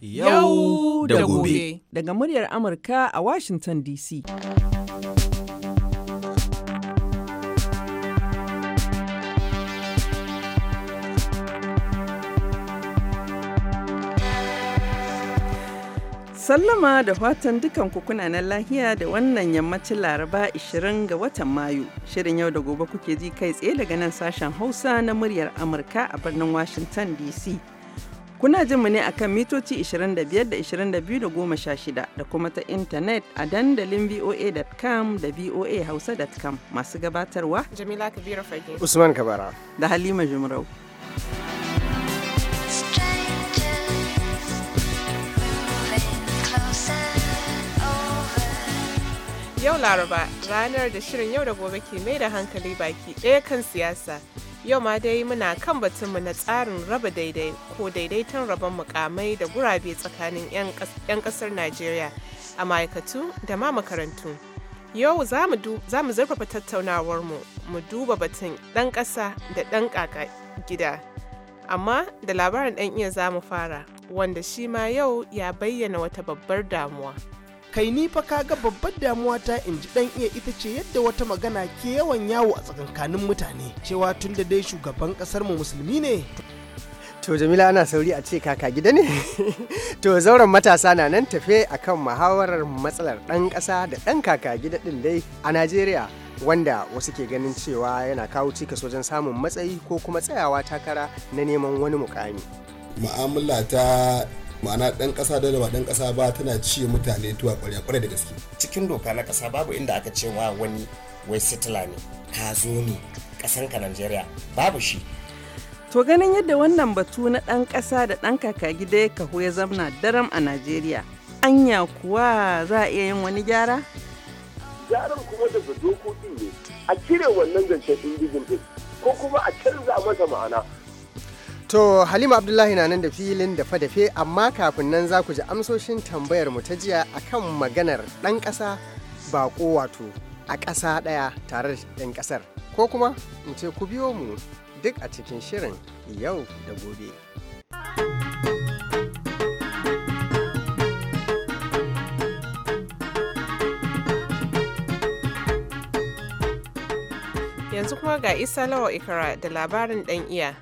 yau da gobe daga muryar Amurka a Washington DC. Sallama da fatan dukan kuna na lahiya da wannan yammacin Laraba 20 ga watan Mayu. Shirin yau da gobe kuke ji kai tsaye daga nan sashen Hausa na muryar Amurka a birnin Washington DC. Kuna jin mu ne akan mitoci 25 da 22 da 16 da kuma ta intanet a dandalin voa.com da voahausa.com masu gabatarwa Jamila Kabiru Fage Usman Kabara da Halima Jumrau. Yau Laraba ranar da shirin yau da gobe ke mai da hankali baki ɗaya kan siyasa Yau ma dai muna kan batunmu na tsarin raba daidai ko daidaiton rabon mukamai da gurabe tsakanin 'yan kasar Najeriya a ma'aikatu da ma makarantu. Yau za mu zurfafa tattaunawarmu mu duba batun ɗan ƙasa da ɗan ƙaƙa gida. Amma da labarin ɗan iya za mu fara, wanda shi ma yau ya bayyana wata babbar damuwa. kai ni fa kaga babbar damuwa ta in ji dan iya ita ce yadda wata magana ke yawan yawo a tsakankanin mutane cewa tun da dai shugaban kasar mu musulmi ne to jamila ana sauri a ce kaka gida ne to zauren matasa na nan tafe akan muhawarar matsalar dan kasa da dan kaka gida din dai a najeriya wanda wasu ke ganin cewa yana kawo cikas wajen samun matsayi ko kuma tsayawa takara na neman wani mukami. Ma'amala ta ma'ana ɗan ƙasa da ba ɗan ƙasa ba tana ci mutane tuwa ƙwarya ƙwarai da gaske cikin doka na ƙasa babu inda aka ce wa wani wai sitila ne ka zo ne ka najeriya babu shi To ganin yadda wannan batu na ɗan ƙasa da ɗan kaka gida ya kaho ya zamna daram a Najeriya, anya kuwa za a iya yin wani gyara? Gyaran kuma daga dokokin ne, a cire wannan zancen indijin ɗin, ko kuma a canza masa ma'ana. To Halima Abdullahi na nan da filin dafe-dafe amma kafin nan za ku ji amsoshin tambayar mu ta jiya akan maganar ɗan ƙasa baƙo wato a ƙasa ɗaya tare da ɗan ƙasar ko kuma in ce ku biyo mu duk a cikin shirin yau da gobe. Yanzu kuma ga Isa Lawa Ikara da labarin ɗan iya.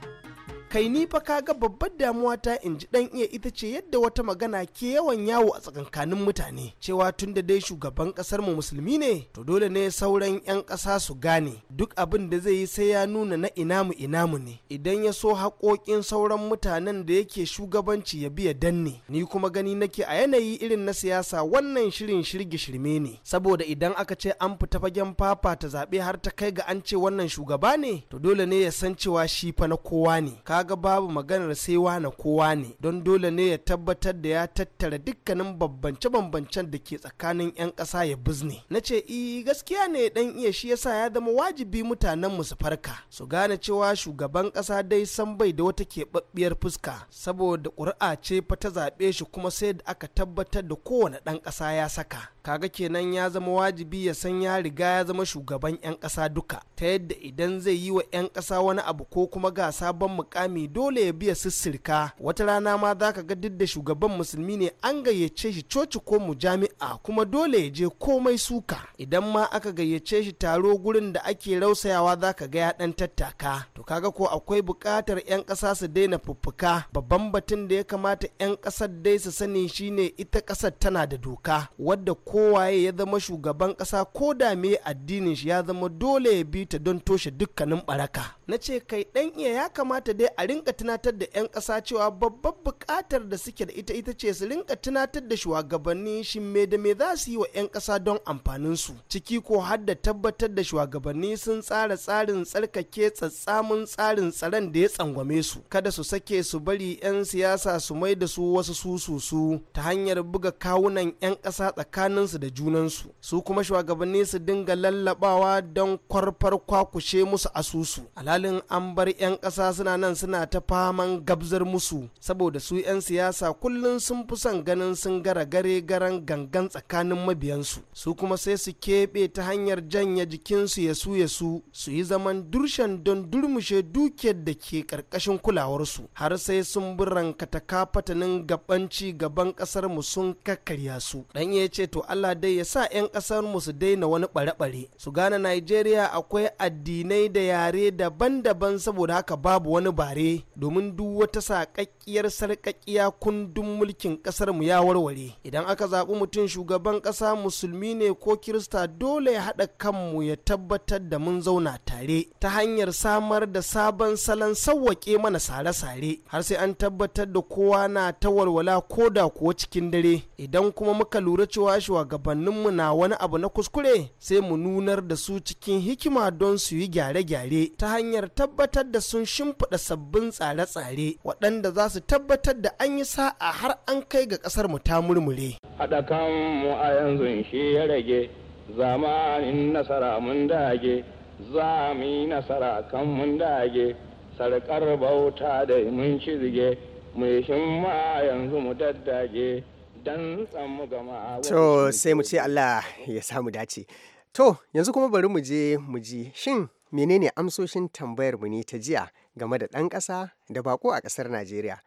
kai ni fa kaga babbar damuwa ta in ji dan iya ita ce yadda wata magana ke yawan yawo a tsakankanin mutane cewa tun da dai shugaban kasar mu musulmi ne to dole ne sauran yan kasa su gane duk abin da zai yi sai ya nuna na inamu inamu ne idan ya so haƙoƙin sauran mutanen da yake shugabanci ya biya danne ni kuma gani nake a yanayi irin na siyasa wannan shirin shirgi shirme ne saboda idan aka ce an fita fagen fafa ta zaɓe har ta kai ga an ce wannan shugaba ne to dole ne ya san cewa shi fa na kowa ne kaga babu maganar sai wane kowa ne don dole ne ya tabbatar da ya tattara dukkanin bambance-bambancen da ke tsakanin 'yan ƙasa ya bizne na ce i e, gaskiya ne dan iya shi yasa ya zama wajibi mutanen mu su farka su gane cewa shugaban ƙasa dai san bai da wata keɓaɓɓiyar fuska saboda ƙuri'a ce fa ta zaɓe shi kuma sai da aka tabbatar da kowane ɗan ƙasa ya saka kaga kenan ya zama wajibi ya san ya riga ya zama shugaban 'yan ƙasa duka ta yadda idan zai yi wa 'yan ƙasa wani abu ko kuma ga sabon mukami dole ya biya sissirka wata rana ma za ka ga duk da shugaban musulmi ne an gayyace shi coci ko mu jami'a kuma dole ya je komai suka idan ma aka gayyace shi taro gurin da ake rausayawa za ka ga ya ɗan tattaka to kaga ko akwai bukatar 'yan ƙasa su daina fuffuka babban batun da ya kamata 'yan ƙasar dai su sani shine ita ƙasar tana da doka wadda ko kowaye ya zama shugaban ƙasa ko da me addinin shi ya zama dole ya bi ta don toshe dukkanin baraka na ce kai dan iya ya kamata dai a rinka tunatar da 'yan ƙasa cewa babbar buƙatar da suke da ita ita ce su rinka tunatar da shugabanni shi me da me za su yi wa 'yan ƙasa don amfanin su ciki ko har da tabbatar da shugabanni sun tsara tsarin tsarkake tsatsamin tsarin tsaron da ya tsangwame su kada su sake su bari 'yan siyasa su mai da su wasu sususu ta hanyar buga kawunan 'yan ƙasa tsakanin kansu da junansu su kuma shugabanni su dinga lallabawa don kwarfar kwakushe musu asusu alhalin an bar 'yan ƙasa suna nan suna ta faman gabzar musu saboda su 'yan siyasa kullum sun fi son ganin sun gara gare garan gangan tsakanin mabiyansu su kuma sai su keɓe ta hanyar janye jikinsu ya su ya su su yi zaman durshen don durmushe dukiyar da ke ƙarƙashin kulawarsu har sai sun bi rankata kafatanin gabanci gaban ƙasar mu sun kakkarya su dan ya ce to Allah dai ya sa 'yan ƙasar mu su daina wani ɓare-ɓare su gane Najeriya akwai addinai da yare daban-daban saboda haka babu wani bare domin duk wata saƙaƙƙiyar sarƙaƙƙiya kundin mulkin ƙasar mu ya warware idan aka zaɓi mutum shugaban ƙasa musulmi ne ko kirista dole ya haɗa kanmu ya tabbatar da mun zauna tare ta hanyar samar da sabon salon sawwaƙe mana sare-sare har sai an tabbatar da kowa na ta walwala ko da kuwa cikin dare idan kuma muka lura cewa shugabanninmu na wani abu na kuskure sai mu nunar da su cikin hikima don su yi gyare-gyare ta hanyar tabbatar da sun shimfiɗa sabbin tsare-tsare waɗanda za su tabbatar da an yi sa'a har an kai ga ƙasar mu ta murmure. Haɗa kan mu a yanzu shi ya rage zamanin nasara mun dage za mu yi nasara kan mun dage sarƙar bauta da mun ci zige mu yi shimma yanzu mu daddage. To sai mu ce Allah ya samu dace. To yanzu kuma bari mu je mu ji shin menene amsoshin tambayar mu ne ta jiya game da ɗan ƙasa da bako a ƙasar Najeriya.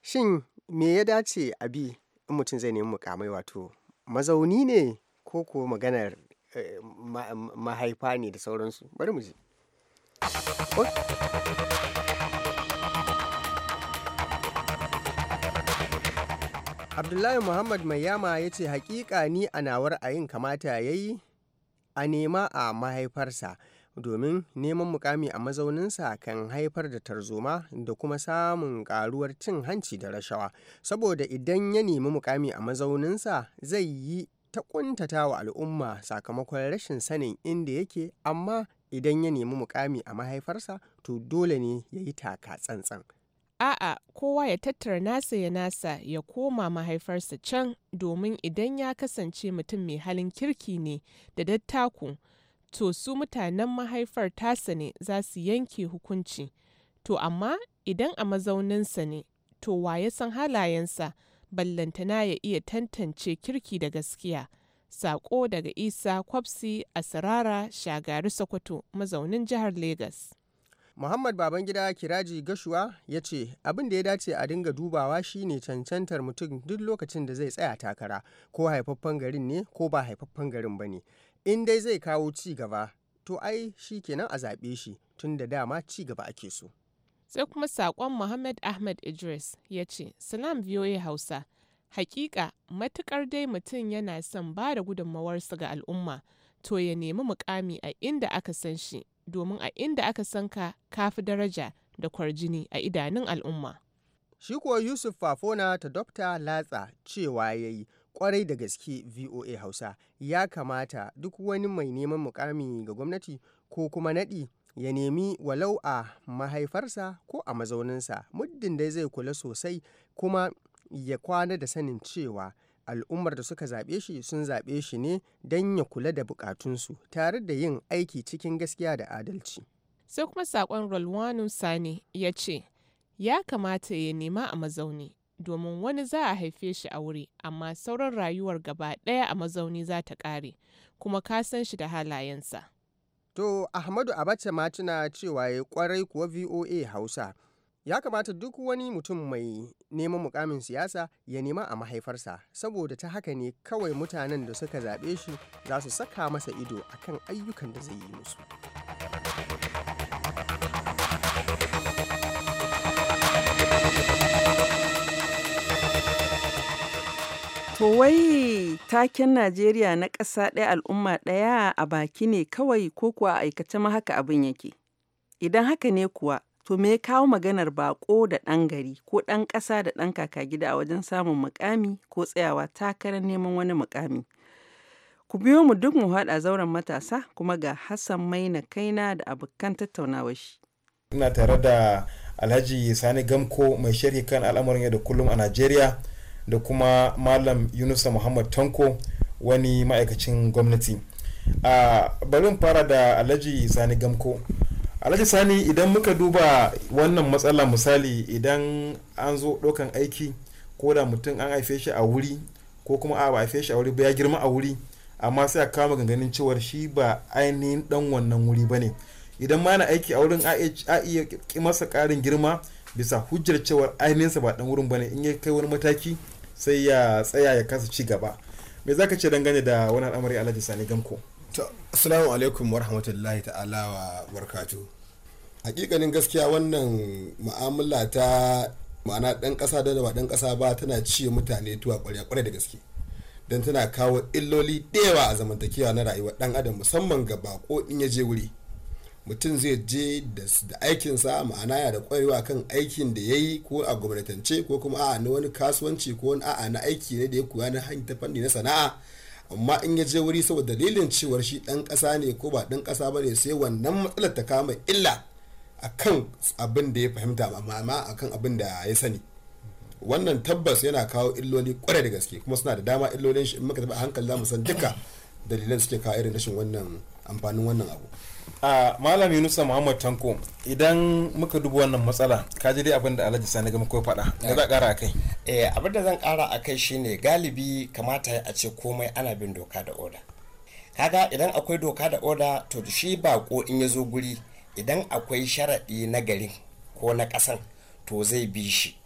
Shin me ya dace a bi in mutum zai nemi mukamai wato mazauni ne ko ko maganar eh, mahaifa ne da sauransu bari mu ji. Oh. abdullahi muhammad mai yama ya ce hakika ni a nawar ayin kamata ya yi a nema a mahaifarsa domin neman mukami a mazauninsa kan haifar da tarzoma da kuma samun karuwar cin hanci da rashawa saboda idan ya nemi mukami a mazauninsa zai yi ta kuntata wa al'umma sakamakon rashin sanin inda yake amma idan ya nemi mukami a mahaifarsa to dole ne ya yi taka tsantsan a'a kowa ya tattara nasa ya nasa ya koma mahaifarsa can domin idan ya kasance mutum mai halin kirki ne da dattaku to su mutanen mahaifar tasa ne za su yanke hukunci to amma idan a mazauninsa ne to wa ya san halayensa ballantana ya iya tantance kirki da gaskiya saƙo daga Isa Kwabsi a Sarara Shagari Sokoto mazaunin jihar Legas. Muhammad Babangida Kiraji Gashuwa ya ce abin da ya dace a dinga dubawa shine cancantar mutum duk lokacin da zai tsaya takara ko haifaffen garin ne ko ba haifaffen garin ba ne. In dai zai kawo ci gaba to ai shi kenan a zaɓe shi tun da dama ci gaba ake so. Sai kuma saƙon Muhammad ahmed Idris ya ce, Salam VOA Hausa, hakika matukar dai mutum yana son ba da gudunmawarsa ga al'umma to ya nemi mukami a inda aka san shi domin a inda aka san ka kafi daraja da kwarjini a idanun al'umma. Shi kuwa Yusuf Fafona ta Dokta Latsa cewa ya yi kwarai da gaske VOA Hausa ya kamata duk wani mai neman mukami ga gwamnati ko kuma naɗi ya nemi walau a mahaifarsa ko a mazauninsa muddin dai zai kula sosai kuma ya kwana da sanin cewa al'ummar da suka zaɓe shi sun zaɓe shi ne don ya kula da bukatunsu tare da yin aiki cikin gaskiya da adalci. Sai kuma saƙon Rolwanu Sani ya ce, ya kamata ya nema a mazauni domin wani za a haife shi a wuri amma sauran rayuwar gaba ɗaya a mazauni za ta ƙare kuma ka san shi da halayensa. To Ahmadu Abacha ma tuna cewa ya kwarai kuwa VOA Hausa ya kamata duk wani mutum mai neman mukamin siyasa ya nema a mahaifarsa saboda ta haka ne kawai mutanen da suka zaɓe shi za su saka masa ido a kan ayyukan da zai yi musu To wai taken Najeriya na ƙasa ɗaya al'umma ɗaya a baki ne kawai ko kuwa aikace ma haka abin yake. Idan haka ne kuwa To me ya kawo maganar bako da ɗan gari ko ɗan ƙasa da ɗan kaka gida a wajen samun mukami ko tsayawa takarar neman wani mukami? Ku biyo mu duk mu haɗa zauren matasa kuma ga Hassan Maina Kaina da abokan tattaunawar shi. Ina tare da Alhaji Sani Gamko mai sharhi kan al'amarin yau da kullum a Najeriya da kuma Malam Yunusa Muhammad Tanko wani ma'aikacin gwamnati. a ah, bari fara da Alhaji Sani Gamko. alhaji sani idan muka duba wannan matsala misali idan an zo ɗaukan aiki ko da mutum an haife shi a wuri ko kuma a ba haife shi a wuri ba ya girma a wuri amma sai a kama ganganin cewar shi ba ainihin dan wannan wuri ba ne idan ma yana aiki a wurin a iya ki masa ƙarin girma bisa hujjar cewar sa ba dan wurin ba ne in ya kai wani mataki sai ya tsaya ya kasa ci gaba me zaka ce dangane da wani al'amari alhaji sani gamko assalamu alaikum warahmatullahi ta'ala wa barkatu hakikanin gaskiya wannan ma'amala ta ma'ana dan kasa da ba dan kasa ba tana ci mutane tuwa kwarya kwarai da gaske don tana kawo illoli da a zamantakewa na rayuwa dan adam musamman ga bako in ya je wuri mutum zai je da aikinsa ma'ana ya da kwarewa kan aikin da yayi yi ko a gwamnatance ko kuma a'a na wani kasuwanci ko wani a'a na aiki ne da ya koya na hanyar ta fanni na sana'a amma in ya je wuri saboda dalilin cewa shi dan kasa ne ko ba dan kasa ba ne sai wannan matsalar ta kama illa akan abin da ya fahimta amma akan abin da ya sani wannan tabbas yana kawo illoli kwarai da gaske kuma suna da dama illolin shi in muka taba a hankali za mu san duka dalilan suke kawo irin rashin wannan amfanin wannan abu a malam yunusa muhammad tanko idan muka duba wannan matsala ka ji dai abin da alhaji sani ga makwai faɗa ne za a ƙara akai eh abin da zan ƙara akai shine galibi kamata a ce komai ana bin doka da oda kaga idan akwai doka da oda to shi bako in ya zo guri idan akwai sharaɗi na garin ko na ƙasan to zai bi shi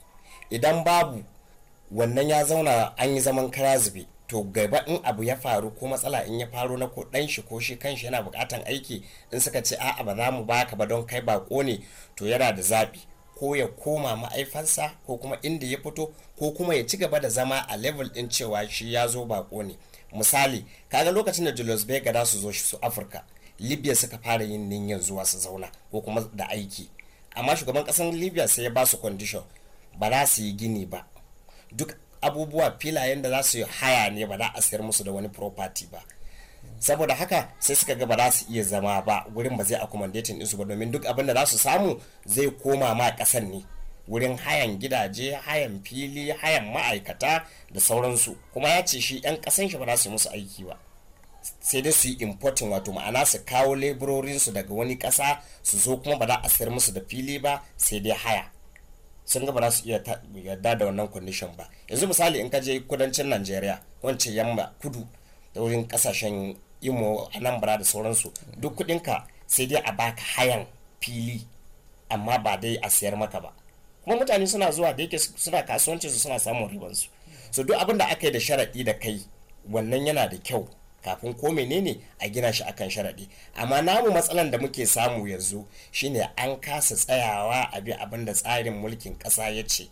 idan babu wannan ya zauna an yi zaman kara zube to gaba in abu ya faru ko matsala in ya faru na kudan shi ko shi kanshi yana bukatan aiki in suka ce a'a ba za mu baka ba don kai bako ne to yana da zabi ko ya koma ma'aifansa ko kuma inda ya fito ko kuma ya ci gaba da zama a level din cewa shi ya zo bako ne misali kaga lokacin da Julius Berger da su zo su Afirka Libya suka fara yin niyyar zuwa su zauna ko kuma da aiki amma shugaban kasan Libya sai ya ba su condition ba za su yi gini ba duk abubuwa filayen da za su yi haya ne ba za a sayar musu da wani property ba saboda haka sai suka ga ba za su iya zama ba wurin ba zai accommodating ɗinsu ba domin duk abin da za su samu zai koma ma kasan ne wurin hayan gidaje hayan fili hayan ma'aikata da sauransu kuma ya ce shi 'yan kasan shi ba za su yi musu aiki ba sai dai su yi importin wato ma'ana su kawo leburorinsu daga wani kasa su zo kuma ba za a sayar musu da fili ba sai dai haya sun ga ba za su iya yarda da wannan condition ba yanzu misali in ka je kudancin najeriya wance yamma kudu da wurin kasashen imo anambra da sauransu duk kudinka sai dai a baka hayan fili amma ba dai a siyar maka ba kuma mutane suna zuwa da yake suna kasuwanci su suna samun ribansu so duk abin da aka yi da sharaɗi da kai wannan yana da kyau kafin ko menene a gina shi akan sharaɗi amma namu matsalan da muke samu yanzu shine an kasa tsayawa a bi abin da tsarin mulkin ƙasa ya ce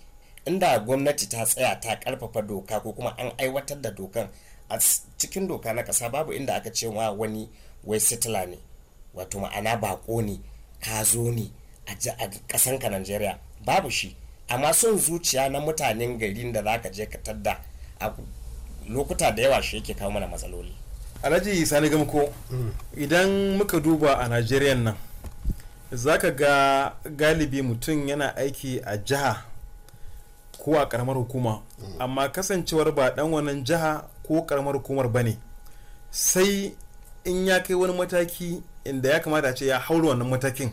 inda gwamnati ta tsaya ta karfafa doka ko kuma an aiwatar da dokan a cikin doka na ƙasa babu inda aka ce wa wani wai sitila ne wato ma'ana bako ne ka zo ne a ka najeriya babu shi amma son zuciya na mutanen garin da zaka ka je ka tadda a lokuta da yawa shi yake kawo mana matsaloli alhaji sani gamko idan muka duba a najeriya nan za ka ga galibi mutum yana aiki a jiha ko a karamar hukuma amma kasancewar ba dan wannan jiha ko karamar hukumar ba ne sai in ya kai wani mataki inda ya kamata a ce ya haura wannan matakin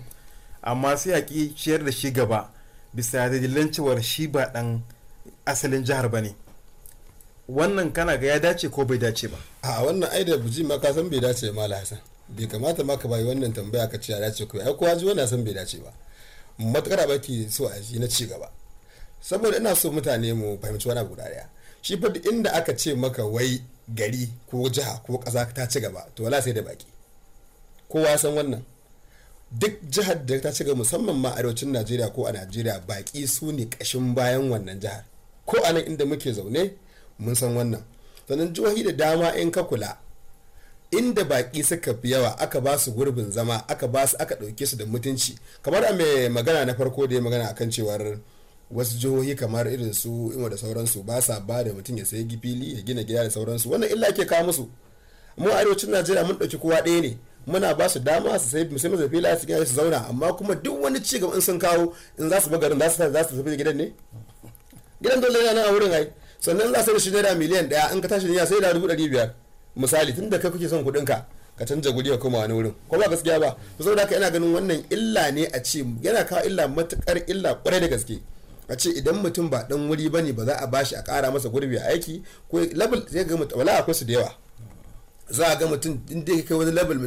amma sai a ciyar da shi gaba bisa dalilan cewar shi ba dan asalin jihar ba ne wannan kana ga ya dace ko bai dace ba a wannan ai da buji ma ka san bai dace ma hasan bai kamata ma ka bayi wannan tambaya ka ce ya dace ko ai kowa ji wannan san bai dace ba matukar ki so a ji na ci gaba saboda ina so mutane mu fahimci wani abu daya shi fa inda aka ce maka wai gari ko jiha ko ƙasa ta ci gaba to wala sai da baki kowa san wannan duk jihar da ta ci gaba musamman ma arewacin najeriya ko a najeriya baki su ne kashin bayan wannan jihar ko a nan inda muke zaune mun san wannan sannan jihohi da dama in ka kula inda baki suka fi yawa aka ba su gurbin zama aka ba su aka ɗauke su da mutunci kamar a mai magana na farko da ya magana akan cewar wasu jihohi kamar irin su ima da sauransu ba sa ba da mutum ya sayi fili ya gina gida da sauransu wannan illa ke kawo musu mu arewacin najeriya mun ɗauki kowa ɗaya ne muna ba su dama su sai musu masa fila su gina su zauna amma kuma duk wani ci gaba in sun kawo in za su bagarin za su tafi gidan ne gidan dole yana nan a wurin ai sannan za sai da shi naira miliyan daya in ka tashi niyya sai da dubu ɗari biyar misali tun da kai kuke son kuɗin ka ka canza guri ka koma wani wurin ko ba gaskiya ba to saboda haka ina ganin wannan illa ne a ce yana kawo illa matukar illa ƙwarai da gaske a ce idan mutum ba ɗan wuri ba ne ba za a bashi a ƙara masa gurbi a aiki ko level zai ga mutum wala akwai su da yawa za a ga mutum inda ya kai wani level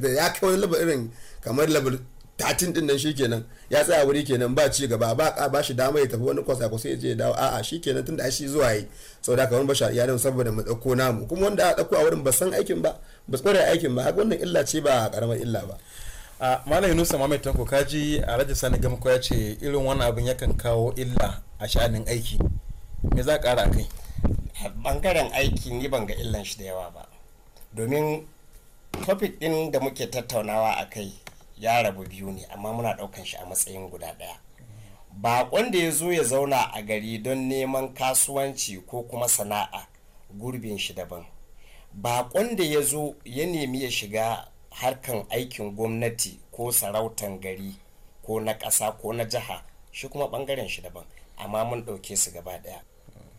da ya kai wani level irin kamar level tatin din nan shikenan ya tsaya wuri kenan ba ci gaba ba ba shi dama ya tafi wani kwasa kwasa ya je ya dawo a'a shikenan tunda shi zuwa yi saboda haka ba bashar ya saboda mu dauko namu kuma wanda a dauko a wurin ba san aikin ba ba tsare aikin ba haka wannan illa ce ba karamar illa ba a malam yunusa Muhammad tanko kaji alhaji sani gamko ya ce irin wannan abin yakan kawo illa a sha'anin aiki me za kara kai bangaren aiki ni ban ga illan shi da yawa ba domin topic din da muke tattaunawa a kai ya rabu biyu ne amma muna ɗaukan shi a matsayin guda ɗaya bakon da ya zo ya zauna a gari don neman kasuwanci ko kuma sana'a gurbin shi daban bakon da ya zo ya nemi ya shiga harkan aikin gwamnati ko sarautan gari ko na ƙasa ko na jiha shi kuma ɓangaren shi daban amma mun ɗauke su gaba ɗaya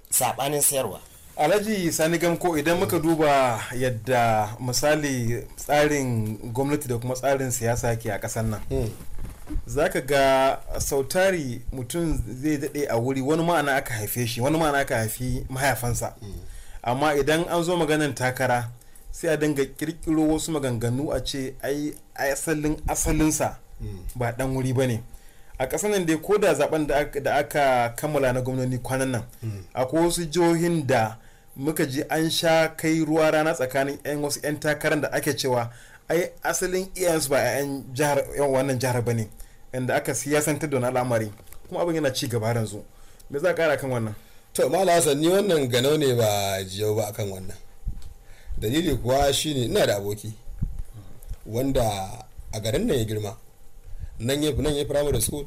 saɓanin sayarwa alhaji sani gamko idan muka duba yadda misali tsarin gwamnati da kuma tsarin siyasa ke a kasan nan hmm. za ka ga sautari mutum zai daɗe a wuri wani ma'ana aka haife shi wani ma'ana aka haifi mahaifansa hmm. amma idan an zo maganin takara sai a dinga kirkiro wasu maganganu a ce ai asalin asalinsa hmm. ba dan wuri ba ne a ƙasar nan dai ko da zaben da aka kammala na gwamnoni kwanan nan akwai wasu jihohin da muka ji an sha kai ruwa rana tsakanin 'yan wasu 'yan takarar da ake cewa ai asalin iyayensu ba 'yan wannan jihar ba ne inda aka siyasantar da wani al'amari kuma abin yana ci gaba yanzu me za a kara kan wannan to mala hasan ni wannan ganau ne ba jiyau ba akan wannan dalili kuwa shine ina da aboki wanda a garin nan ya girma nan ya nan ya primary school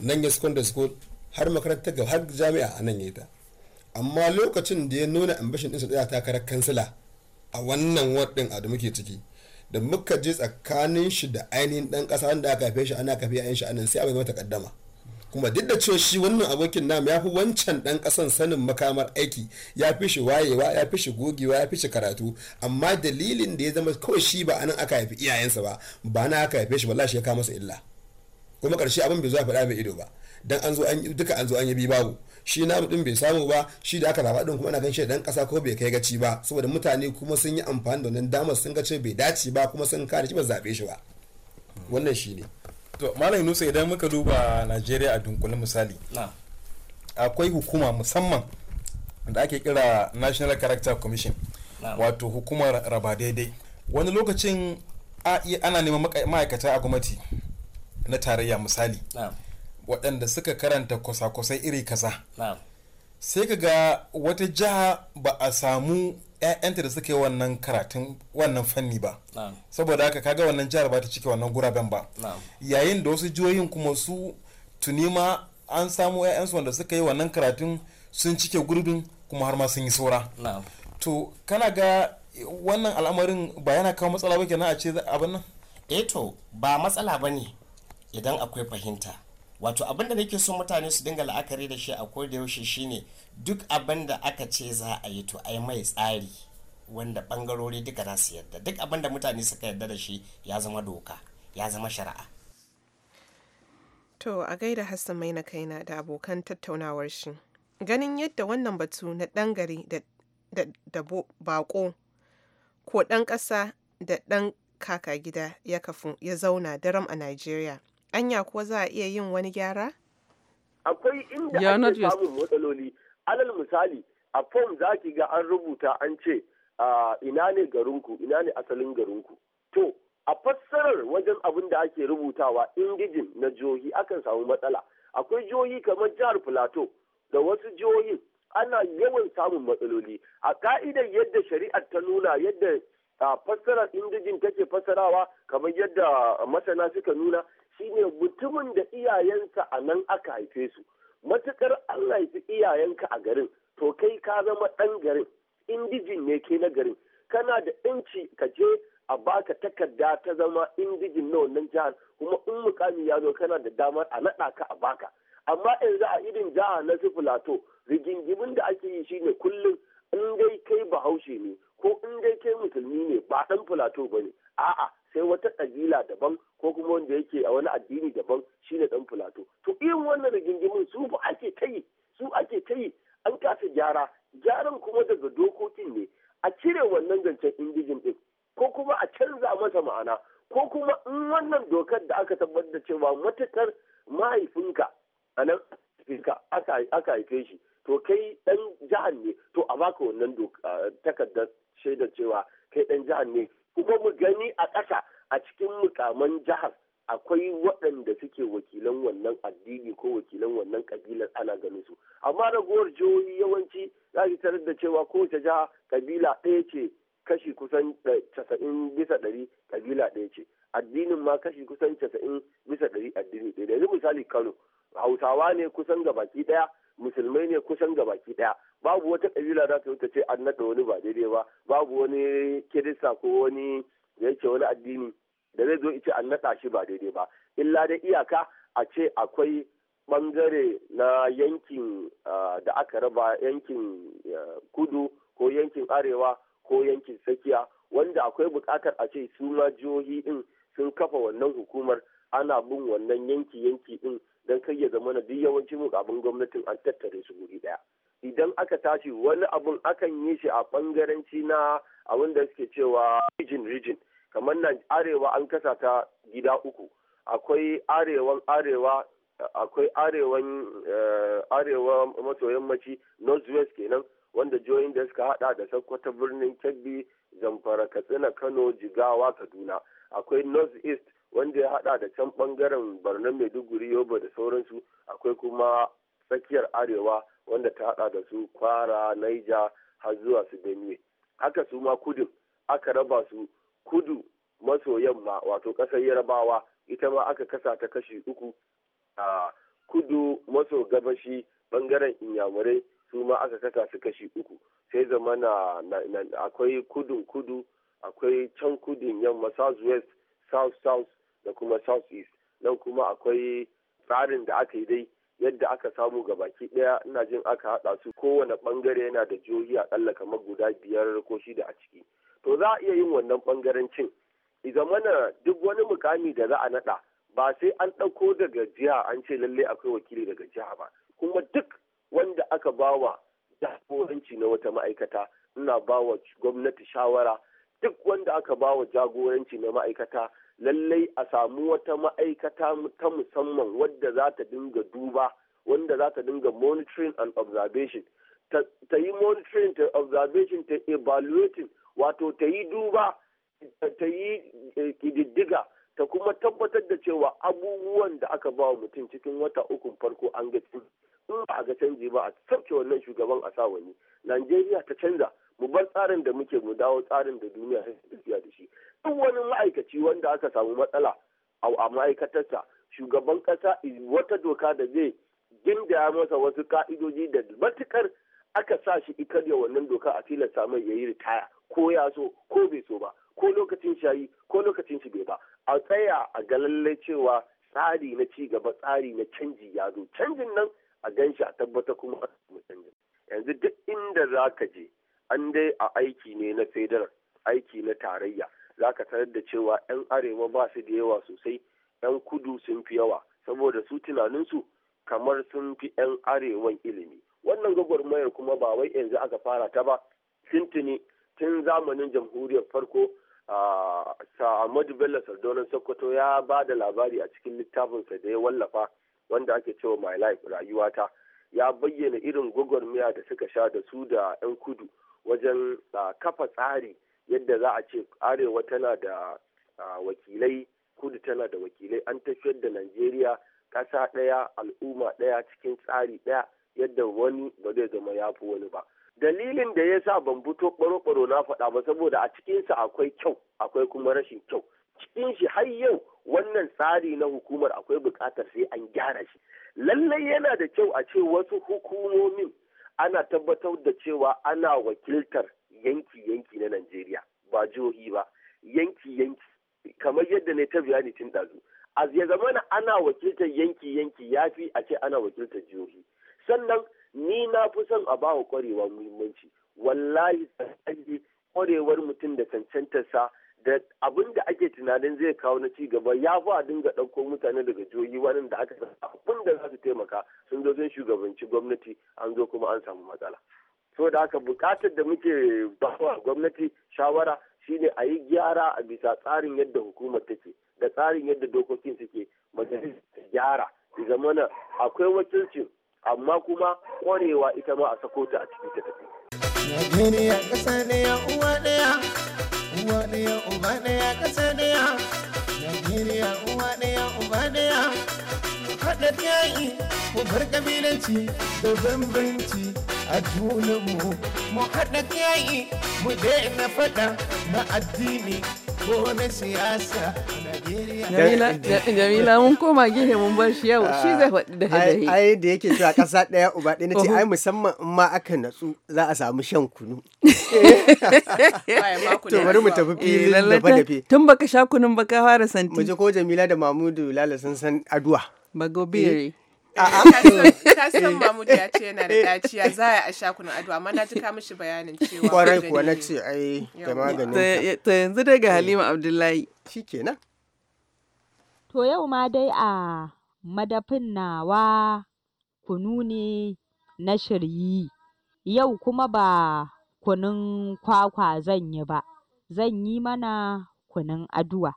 nan ya secondary school har makarantar har jami'a a nan ya ta amma lokacin da ya nuna ambashin ɗinsa ɗaya takarar kansila a wannan waɗin a da muke ciki da muka je tsakanin shi da ainihin ɗan ƙasa wanda aka haife shi ana kafe yayan shi anan sai abin mata kaddama kuma duk da cewa shi wannan abokin nam ya fi wancan ɗan ƙasan sanin makamar aiki ya fi shi wayewa ya fi shi gogewa ya fi shi karatu amma dalilin da ya zama kawai shi ba anan aka haifi iyayensa ba ba na aka haife shi ba shi ya kama masa illa kuma ƙarshe abin bai zuwa faɗa mai ido ba dan an zo an duka an zo an yi bi babu shi na din bai samu ba shi da aka zaba din kuma ana ganin dan kasa ko bai kai gaci ba saboda mutane kuma sun yi amfani da wannan damar sun ga ce bai dace ba kuma sun kare shi ba zabe shi ba wannan shi ne to malam Yunusa idan muka duba Najeriya a dunkule misali akwai hukuma musamman da ake kira National Character Commission wato hukumar raba daidai wani lokacin ana neman ma'aikata a gwamnati na tarayya misali waɗanda suka karanta kwasa-kwasai iri kasa sai ka ga wata jiha ba a samu 'ya'yanta da suka yi wannan karatun wannan fanni ba saboda haka kaga wannan jihar ba ta cike wannan guraben ba yayin da wasu jihohin kuma su tuni ma an samu 'ya'yansu wanda suka yi wannan karatun sun cike gurbin kuma har ma sun yi saura to kana ga wannan al'amarin ba yana kawo matsala ba kenan a ce abin nan eh to ba matsala ba ne idan akwai fahimta wato abin da nake so mutane su dinga la'akari da shi a da yaushe shine duk abin da aka ce za a yi to ai mai tsari wanda bangarori duka za su yarda duk abin da mutane suka yarda da shi ya zama doka ya zama shari'a to a gaida hassan mai na kaina da abokan tattaunawar shi ganin yadda wannan batu na ɗan gari da bako ko ɗan ƙasa da ɗan kaka gida ya kafu ya zauna daram a Najeriya Anya kuwa za a iya yin wani gyara? Akwai inda ake samun matsaloli. Alal misali, a fom za ki ga an rubuta an ce ina ne garinku, ina ne asalin garinku. To, a fassarar wajen abin da ake rubutawa ingijin na jihohi akan samu matsala. Akwai jihohi kamar jihar Filato da wasu jihohi ana yawan samun matsaloli. A ka'idar yadda shari'ar ta nuna yadda a fassarar indijin take fassarawa kamar yadda masana suka nuna shine mutumin da iyayensa a nan aka haife su matukar an haifi iyayenka a garin to kai ka zama ɗan garin indijin ne ke na garin kana da ɗanci ka je a baka takarda ta zama indijin na wannan jihar kuma in mukami ya zo kana da damar a naɗa ka a baka amma yanzu a irin jiha na su filato rigingimin da ake yi shine kullum in dai kai bahaushe ne ko in dai kai musulmi ne ba ɗan filato ba ne a'a sai wata ɗabila daban ko kuma wanda yake a wani addini daban shine dan filato to irin wannan rigingimin su ba ake ta yi su ake ta yi an kasa gyara gyaran kuma daga dokokin ne a cire wannan zancen indijin din ko kuma a canza masa ma'ana ko kuma in wannan dokar da aka tabbatar da cewa matukar mahaifinka a nan aka haife shi to kai dan jihar ne to a baka wannan takardar shaidar cewa kai dan jihar ne kaman jihar akwai waɗanda suke wakilan wannan addini ko wakilan wannan kabilar ana ganin su amma ragowar jihohi yawanci za ki tarar da cewa kowace jiha kabila ɗaya ce kashi kusan eh, casa'in bisa ɗari kabila ɗaya ce addinin ma kashi kusan casa'in bisa ɗari addini ɗaya yanzu misali kano hausawa ne kusan gabaki ɗaya musulmai ne kusan gabaki ɗaya babu wata kabila za ta ce an naɗa wani ba daidai ba babu wani kirista ko wani da yake wani addini da zai zo ce an naɗa shi ba daidai ba illa dai iyaka a ce akwai bangare na yankin da aka raba yankin kudu ko yankin arewa ko yankin tsakiya wanda akwai bukatar a ce su ma jihohi din sun kafa wannan hukumar ana bin wannan yanki yanki din don kai ya zama na duk yawancin mukamin gwamnatin an tattare su guri daya idan aka tashi wani abun akan yi shi a ɓangaranci na abin da suke cewa region region kamar nan arewa an kasa ta gida uku akwai arewan arewa akwai arewan eh, arewa maso yammaci northwest kenan wanda jihohin da suka hada da sakkwata birnin kebbi zamfara katsina kano jigawa kaduna akwai north east wanda ya hada da can bangaren barnan maiduguri yoba da sauransu akwai kuma tsakiyar arewa wanda ta hada da su kwara naija har zuwa su benue haka su ma kudin aka raba su kudu maso yamma wato ƙasar yarbawa ita ma aka kasa ta kashi uku a kudu maso gabashi bangaren inyamurai su ma aka kasa su kashi uku sai zama na, akwai kudun kudu akwai can kudin yamma south west south south da kuma south east nan kuma akwai tsarin da aka yi dai yadda aka samu ga baki daya ina jin aka hada su kowane bangare yana da jihohi kalla kamar guda biyar ko shida a ciki to za a iya yin wannan bangarancin idan mana duk wani mukami da za a naɗa ba sai an ɗauko daga jiha an ce lalle akwai wakili daga jiha ba kuma duk wanda aka bawa jagoranci na wata ma'aikata ina bawa gwamnati shawara duk wanda aka bawa jagoranci na ma'aikata lallai a samu wata ma'aikata ta musamman wadda za ta dinga duba wanda za ta dinga monitoring and observation ta yi monitoring ta observation ta evaluating wato ta yi duba ta yi eh, kididdiga ta kuma tabbatar da cewa abubuwan da aka ba wa mutum cikin wata ukun farko an ga in ba a ga canji ba a sauke wannan shugaban a sa wani najeriya ta canza mu bar tsarin da muke mu dawo tsarin da duniya ta tafiya da shi duk wani ma'aikaci wanda aka samu matsala a ma'aikatarsa shugaban kasa wata doka da zai gindaya masa wasu ka'idoji da matukar aka sa shi ikar da wannan doka a tilasta mai ya yi ritaya ko ya so ko bai so ba ko lokacin shayi ko lokacin shi bai ba a tsaya a ga cewa tsari na ci gaba tsari na canji ya zo canjin nan a gan shi a tabbata kuma a samu canjin yanzu duk inda za ka je an dai a aiki ne na federal aiki na tarayya za ka tarar da cewa 'yan arewa ba su da yawa sosai 'yan kudu sun fi yawa saboda su tunaninsu kamar sun fi 'yan arewan ilimi wannan gwagwarmayar kuma ba wai yanzu aka fara ta ba tuntuni tun zamanin jamhuriyar farko Ahmadu Bello Sardonan Sokoto ya ba da labari a cikin littafinsa da ya wallafa wanda ake cewa My Life rayuwata ya bayyana irin gwagwarmaya da suka sha da su da 'yan kudu wajen kafa tsari yadda za a ce arewa tana da wakilai kudu tana da wakilai an tafiyar da Najeriya ƙasa ɗaya al'umma ɗaya cikin tsari ɗaya yadda wani ba zai zama ya fi wani ba dalilin da ya sa ban fito ɓaro-ɓaro na faɗa ba saboda a cikinsa akwai kyau akwai kuma rashin kyau cikin shi har yau wannan tsari na hukumar akwai buƙatar sai an gyara shi lallai yana da kyau a ce wasu hukumomin ana tabbatar da cewa ana wakiltar yanki-yanki na Najeriya ba jihohi ba yanki-yanki kamar yadda ne ta bayani tun ɗazu a ya zamana ana wakiltar yanki-yanki ya fi a ce ana wakiltar jihohi sannan ni na fi son a ba wa ƙwarewa muhimmanci wallahi tsanci ƙwarewar mutum da cancantarsa da abin da ake tunanin zai kawo na cigaba ya fi a dinga ɗauko mutane daga jihohi da aka san abin da za su taimaka sun zo sun shugabanci gwamnati an zo kuma an samu matsala so da haka buƙatar da muke bawa gwamnati shawara shine a yi gyara a bisa tsarin yadda hukumar take da tsarin yadda dokokin suke majalisa gyara zamana akwai wakilcin amma kuma ƙwarewa ita ma a sako ta a cikin ta tafi. Najeriya ƙasa ɗaya uwa ɗaya uwa ɗaya uba ɗaya ƙasa ɗaya Najeriya uwa ɗaya uba ɗaya haɗa yayi mu bar ƙabilanci da bambanci a junanmu mu haɗa yayi mu daina faɗa na addini Eh, eh, eh. Jamila mun koma gini mun bar shi yau shi zai faɗi da hadahi. Ai da yake cewa ƙasa ɗaya uba ɗaya na ce, ai musamman in ma aka natsu za a samu shan kunu. To bari mu tafi filin dafa dafe. Tun baka sha kunun baka fara santi. Mu ko Jamila da Mamudu Lala sun san aduwa. Bagobiri. kasan Mahmud ya ce yana da daciya za a sha kunun adu amma na ji ka mishi bayanin cewa kwarai kuwa na ce ai da maganin yanzu daga eh. Halima Abdullahi to yau ma dai a madafin nawa kunu ne na shiryi yau kuma ba kunun kwakwa zan yi ba zan yi mana kunun aduwa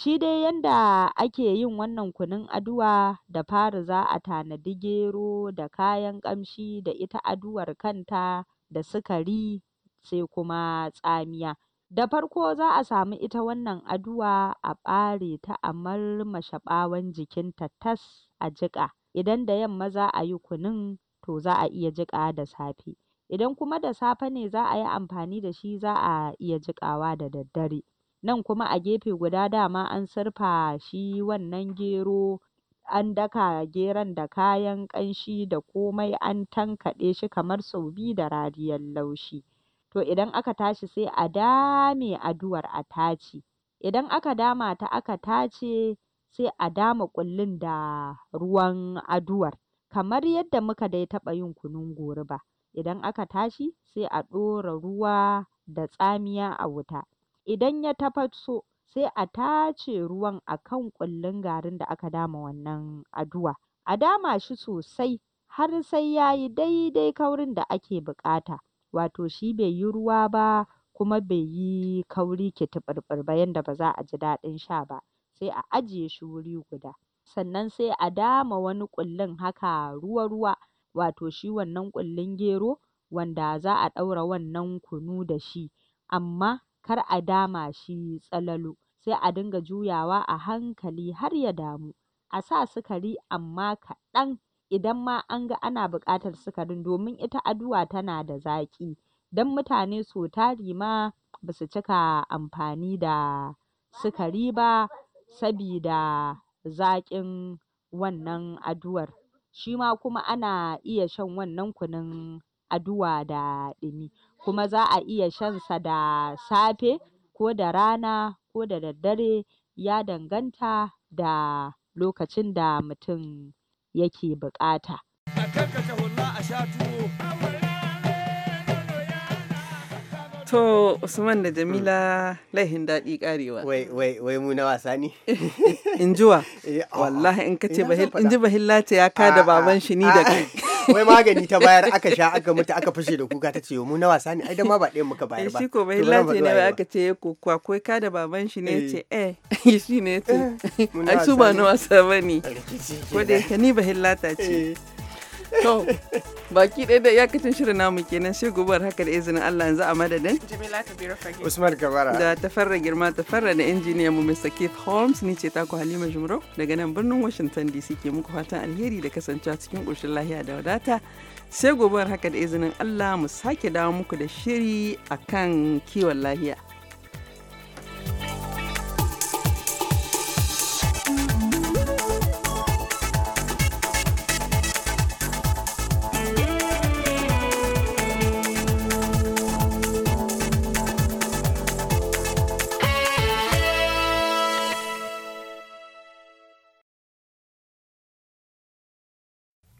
Shi dai yanda ake yin wannan kunun aduwa, da fari za a tanadi gero da kayan ƙamshi da ita aduwar kanta da sukari sai kuma tsamiya. Da farko za a samu ita wannan aduwa a ɓare ta a marmashe ɓawon jikinta tas a jiƙa, idan da yamma za a yi kunun to za a iya jiƙawa da safe, idan kuma da safe ne za a yi amfani da shi za a iya jiƙawa da daddare. nan kuma a gefe guda dama an surfa shi wannan gero an daka geron da kayan ƙanshi da komai an tankaɗe shi kamar sau biyu da rariyar laushi to idan aka tashi sai a dame aduwar a tace idan aka dama ta aka tace sai a dama ƙullin da ruwan aduwar kamar yadda muka dai taɓa yin kunun goriba idan aka tashi sai a ɗora ruwa da tsamiya a wuta Idan ya tafaso sai a tace ruwan a kan ƙullin garin da aka dama wannan aduwa, a dama shi sosai har sai ya yi daidai kaurin da ake buƙata, wato shi bai yi ruwa ba kuma bai yi kauri kitiɓirɓir ba yanda ba za a ji daɗin sha ba, sai a ajiye shi wuri guda. Sannan sai a dama wani ƙullin haka ruwa-ruwa wato shi wannan ƙullun gero wanda za a ɗaura wannan kunu da shi, amma kar a dama shi tsalalo sai a dinga juyawa a hankali har ya damu. A sa sukari amma kaɗan idan ma an ga ana buƙatar sukarin domin ita aduwa tana da zaƙi don mutane so tari ma ba su cika amfani da sukari ba sabida zaƙin wannan aduwar. Shi ma kuma ana iya shan wannan kunun aduwa da ɗumi. kuma za a iya shan sa da safe ko da rana ko da daddare ya danganta da lokacin da mutum yake buƙata. To Usman da Jamila laihin daɗi ƙarewa. Wai wai wai mu na wasa ne. In jiwa. Eh, Wallahi in ka ce in ji bahilla ya kada baban shi ni da kai. wai magani ta bayar aka sha aka mutu aka fashe da kuka ta ce mu na wasa ne ai ma ba ɗayan muka bayar ba shi ko bai lati ne aka ce ko kwa ko ka da baban shi ne ce eh, eh shi ne ce eh, ai su ba na wasa bane ko da yake ni ba hillata ce eh. To, baki ɗaya da iyakacin shirin namu kenan sai gobar haka da izinin Allah yanzu a madadin. Jamila Fage. Usman Kabara. Da ta farra girma ta farra da injiniyan mu Mr. Keith Holmes ni ce taku Halima Jumro daga nan birnin Washington DC ke muku fatan alheri da kasancewa cikin ƙoshin lahiya da wadata. Sai gobar haka da izinin Allah mu sake dawo muku da shiri akan kiwon lahiya.